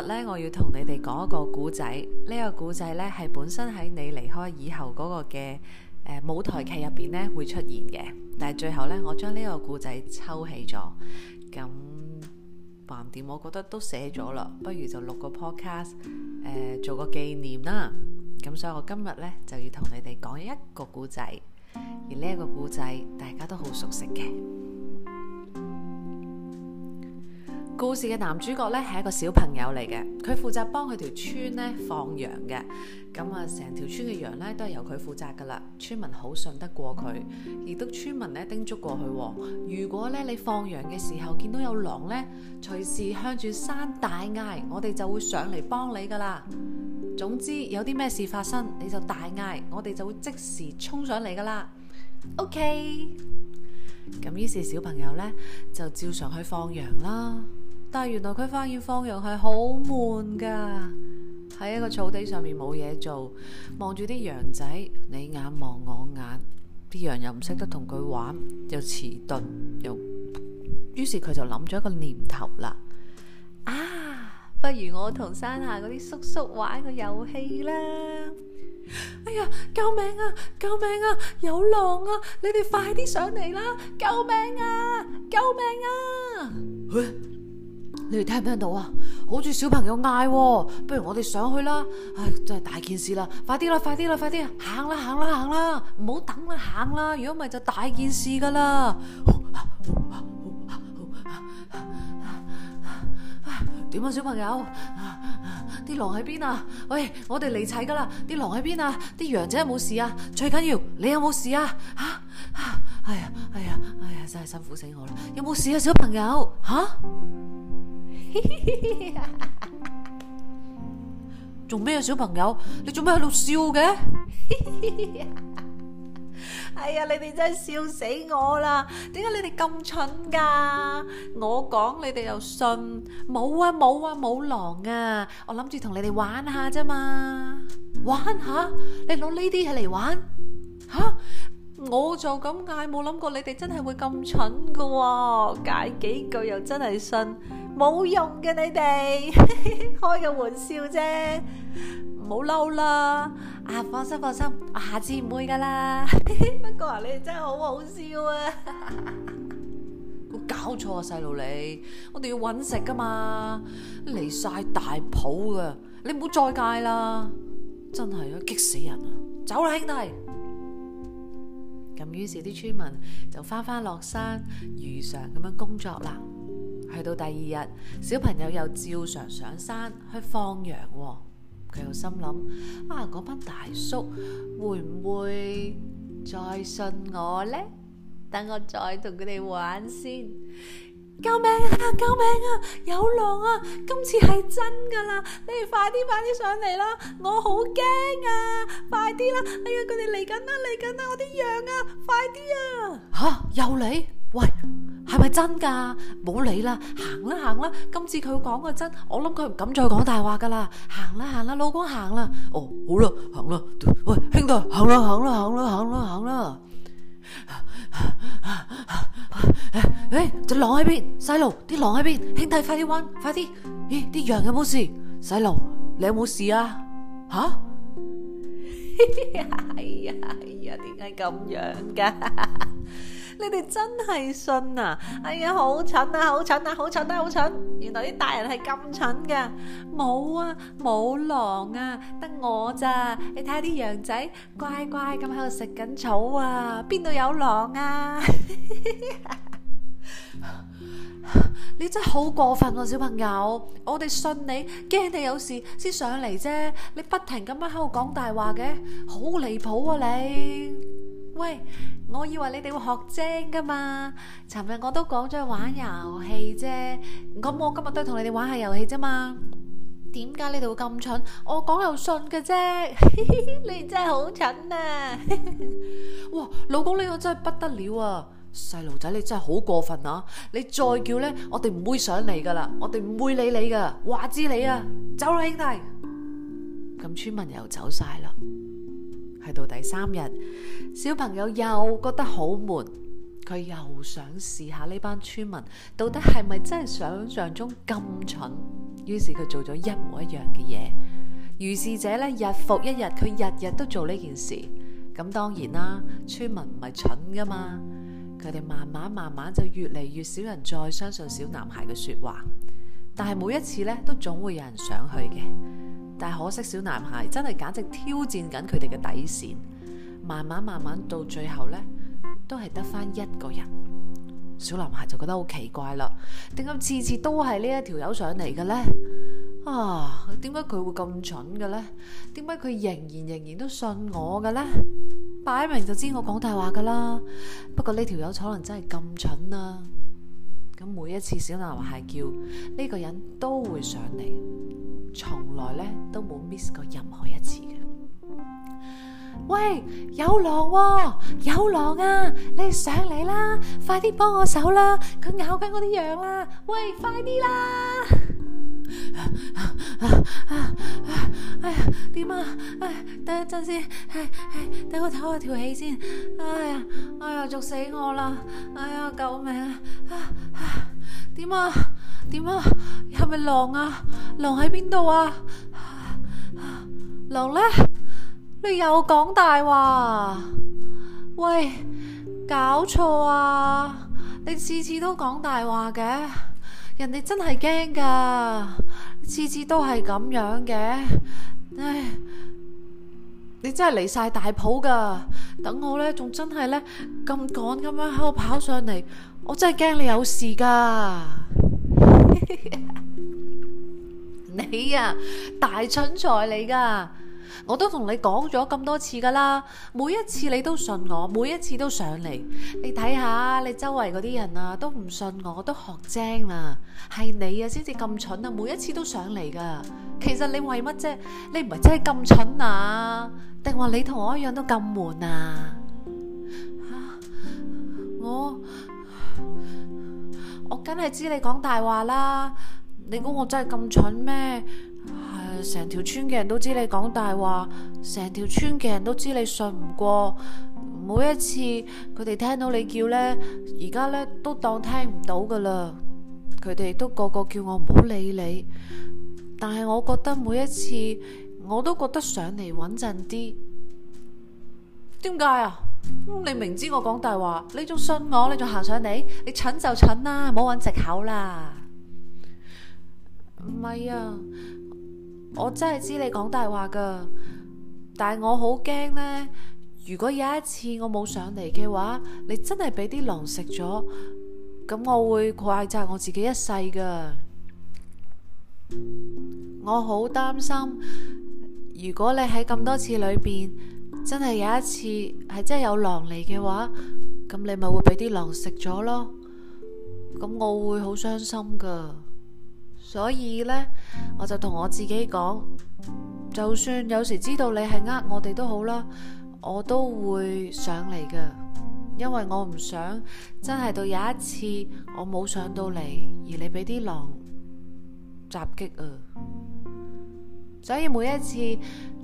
今日咧，我要同你哋講一個古仔。呢個古仔咧，係本身喺你離開以後嗰個嘅舞台劇入邊咧會出現嘅。但係最後咧，我將呢個古仔抽起咗。咁橫掂，我覺得都寫咗啦，不如就錄個 podcast，呃，做個紀念啦。咁所以我今日咧就要同你哋講一個古仔，而呢一個古仔大家都好熟悉嘅。故事嘅男主角咧係一個小朋友嚟嘅，佢負責幫佢條村咧放羊嘅，咁啊成條村嘅羊咧都係由佢負責噶啦，村民好信得過佢，亦都村民咧叮囑過佢，哦，如果咧你放羊嘅時候見到有狼咧，隨時向住山大嗌，我哋就會上嚟幫你噶啦。總之有啲咩事發生，你就大嗌，我哋就會即時衝上嚟噶啦。OK，咁於是小朋友咧就照常去放羊啦。但原來佢發現放羊係好悶噶，喺一個草地上面冇嘢做，望住啲羊仔，你眼望我眼，啲羊又唔識得同佢玩，又遲鈍，又於是佢就諗咗一個念頭啦，啊，不如我同山下嗰啲叔叔玩個遊戲啦！哎呀，救命啊，救命啊，有狼啊！你哋快啲上嚟啦！救命啊，救命啊！哎你哋聽唔聽到啊？好似小朋友嗌，不如我哋上去啦！唉，真係大件事啦！快啲啦，快啲啦，快啲行啦，行啦，行啦，唔好等啦，行啦！如果唔係就大件事噶啦！點啊，小朋友？啲狼喺邊啊？喂，我哋嚟齊噶啦！啲狼喺邊啊？啲羊仔有冇事啊？最緊要你有冇事啊？吓！哎呀，哎呀，哎呀，真係辛苦死我啦！有冇事啊，小朋友？吓？做咩呀 小朋友？你做咩喺度笑嘅？ 哎呀，你哋真係笑死我啦！點解你哋咁蠢噶？我講你哋又信？冇啊冇啊冇狼啊！我諗住同你哋玩下啫嘛，玩下？你攞呢啲嘢嚟玩吓？啊我就咁嗌，冇諗過你哋真係會咁蠢噶，啊，嗌幾句又真係信，冇用嘅你哋， 開個玩笑啫，唔好嬲啦。啊，放心放心，下次唔會噶啦。 不過、啊、你哋真係好好笑啊！我 搞錯啊，細路你，我哋要揾食噶嘛，離晒大譜噶，你唔好再嗌啦，真係啊，激死人啊，走啦，兄弟。咁於是啲村民就翻返落山，如常咁樣工作啦。去到第二日，小朋友又照常上山去放羊喎。佢又心諗：啊，嗰班大叔會唔會再信我呢？等我再同佢哋玩先。救命啊！救命啊！有狼啊！今次係真噶啦，你哋快啲快啲上嚟啦！我好驚啊！快啲啦！哎呀，佢哋嚟緊啦，嚟緊啦！我啲羊啊，快啲啊！吓，又嚟？喂，係咪真噶？冇理啦，行啦行啦！今次佢講嘅真，我諗佢唔敢再講大話噶啦。行啦行啦，老公行啦。哦，好啦，行啦。喂，兄弟，行啦行啦行啦行啦行啦。誒誒，隻狼喺邊？細路，啲狼喺邊？兄弟，快啲彎，快啲！咦，啲羊有冇事？細路，你有冇事啊？吓？哎呀哎呀，點解咁樣㗎？你哋真係信啊！哎呀，好蠢啊，好蠢啊，好蠢啊，好蠢、啊！原來啲大人係咁蠢㗎，冇啊，冇狼啊，得我咋？你睇下啲羊仔乖乖咁喺度食緊草啊，邊度有狼啊？你真係好過分喎、啊，小朋友！我哋信你，驚你有事先上嚟啫，你不停咁樣喺度講大話嘅，好離譜啊你！喂。我以為你哋會學精噶嘛，尋日我都講咗去玩遊戲啫，咁我今日都同你哋玩下遊戲啫嘛，點解你哋會咁蠢？我講又信嘅啫， 你真係好蠢啊！ 哇，老公呢個真係不得了啊，細路仔你真係好過分啊！你再叫咧，我哋唔會上嚟噶啦，我哋唔會理你噶，話知你啊，走啦兄弟！咁村民又走晒啦。去到第三日，小朋友又覺得好悶，佢又想試下呢班村民到底係咪真係想象中咁蠢，於是佢做咗一模一樣嘅嘢。如是者咧，日復一日，佢日日都做呢件事。咁當然啦，村民唔係蠢噶嘛，佢哋慢慢慢慢就越嚟越少人再相信小男孩嘅說話，但係每一次咧，都總會有人想去嘅。但可惜，小男孩真係簡直挑戰緊佢哋嘅底線。慢慢慢慢，到最後呢，都係得返一個人。小男孩就覺得好奇怪啦，點解次次都係呢一條友上嚟嘅呢？啊，點解佢會咁蠢嘅呢？點解佢仍然仍然都信我嘅呢？擺明就知我講大話㗎啦。不過呢條友可能真係咁蠢啦、啊。咁每一次小男孩叫呢個人，都會上嚟。從來咧都冇 miss 過任何一次嘅。喂，有狼，有狼啊！你上嚟啦，快啲幫我手啦！佢咬緊我啲羊啦！喂，快啲啦！哎呀，點啊？唉，等一陣先，係係，等我唞下條氣先。哎呀，哎呀，捉死我啦！哎呀，救命啊！啊啊，點啊？點啊？係咪狼啊？狼喺邊度啊？狼呢？你又講大話？喂，搞錯啊！你次次都講大話嘅，人哋真係驚噶，次次都係咁樣嘅。唉，你真係嚟晒大埔離晒大譜噶，等我呢，仲真係呢，咁趕咁樣喺度跑上嚟，我真係驚你有事噶。 你呀、啊，大蠢材嚟㗎！我都同你講咗咁多次㗎啦，每一次你都信我，每一次都上嚟。你睇下，你周圍嗰啲人啊，都唔信我都學精啦、啊，係你啊先至咁蠢啊！每一次都上嚟㗎，其實你為乜啫？你唔係真係咁蠢啊？定話你同我一樣都咁悶啊，啊？我。我梗係知你講大話啦！你估我真係咁蠢咩？係成條村嘅人都知你講大話，成條村嘅人都知你信唔過。每一次佢哋聽到你叫呢，而家呢都當聽唔到㗎喇。佢哋都個，個個叫我唔好理你，但係我覺得每一次我都覺得上嚟穩陣啲。點解啊？你明知我講大話，你仲信我？你仲行上嚟？你蠢就蠢啦，唔好揾藉口啦。唔係、嗯、啊，我真係知你講大話噶，但係我好驚呢，如果有一次我冇上嚟嘅話，你真係俾啲狼食咗，咁我會怪責我自己一世噶。我好擔心，如果你喺咁多次裏邊。真係有一次係真係有狼嚟嘅話，咁你咪會俾啲狼食咗咯。咁我會好傷心噶，所以呢，我就同我自己講，就算有時知道你係呃我哋都好啦，我都會上嚟噶，因為我唔想真係到有一次我冇上到嚟，而你俾啲狼襲擊啊。所以每一次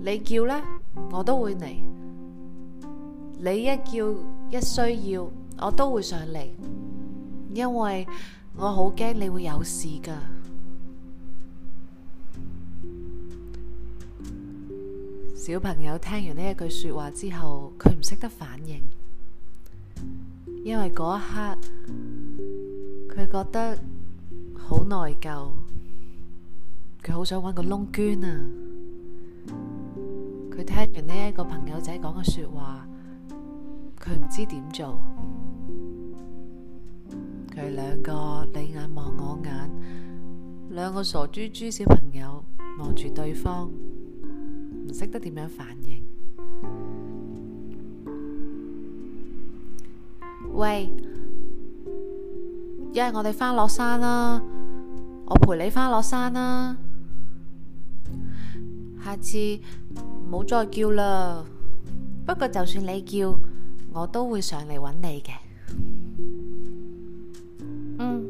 你叫呢。我都會嚟，你一叫，一需要，我都會上嚟，因為我好驚你會有事㗎。小朋友聽完呢句說話之後，佢唔識得反應，因為嗰一刻佢覺得好內疚，佢好想搵個窿捐啊。佢聽完呢一個朋友仔講嘅說話，佢唔知點做。佢兩個你眼望我眼，兩個傻豬豬小朋友望住對方，唔識得點樣反應。喂，一係我哋返落山啦，我陪你返落山啦，下次。冇再叫啦。不過就算你叫，我都會上嚟揾你嘅。嗯，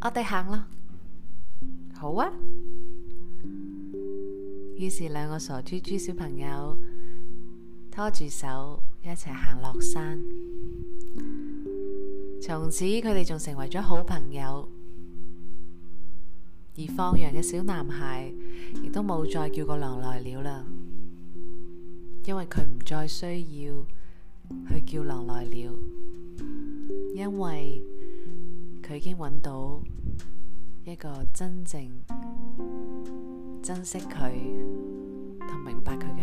我哋行啦。好啊。於是兩個傻豬豬小朋友拖住手一齊行落山。從此佢哋仲成為咗好朋友。而放羊嘅小男孩亦都冇再叫過狼來了啦，因為佢唔再需要去叫狼來了，因為佢已經揾到一個真正珍惜佢同明白佢。